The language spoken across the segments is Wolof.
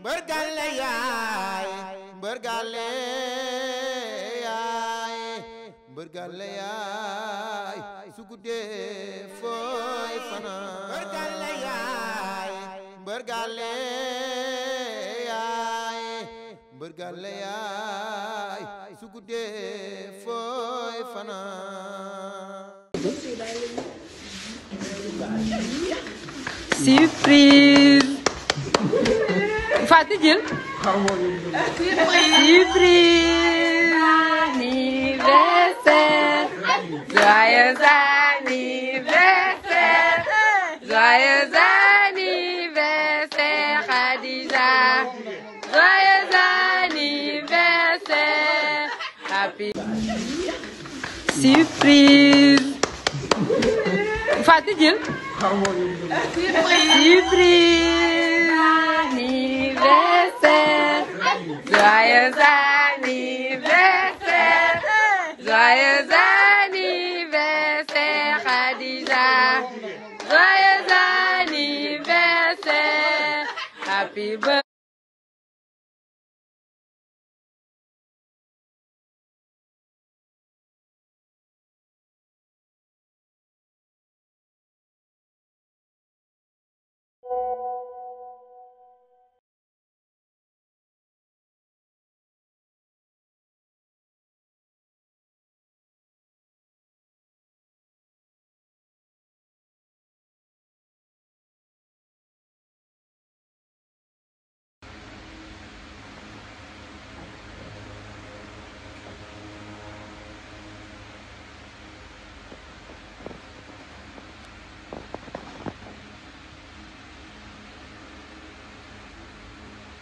mbërgale yaay mbërgale yaay mbërgale yaay su guddee fooy fanaan mbërgale yaay mbërgale yaay mbërgale yaay su guddee fooy fanaan Fatou di jël. surprise anniversaire joyeux anniversaire joyeux anniversaire Khadija joyeux anniversaire Joyeux anniversaire, joyeux anniversaire, Khadija. Joyeux anniversaire, happy birthday.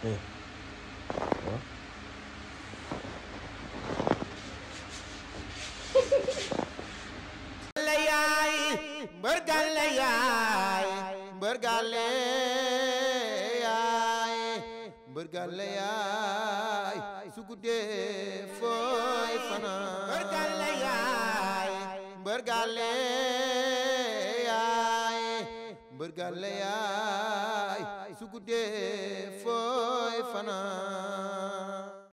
Hey. Ja. yaay mbër gàlle yaay mbër gàlle fanaan mbër gàlle yaay mbër gàlle yaay mbër fanaan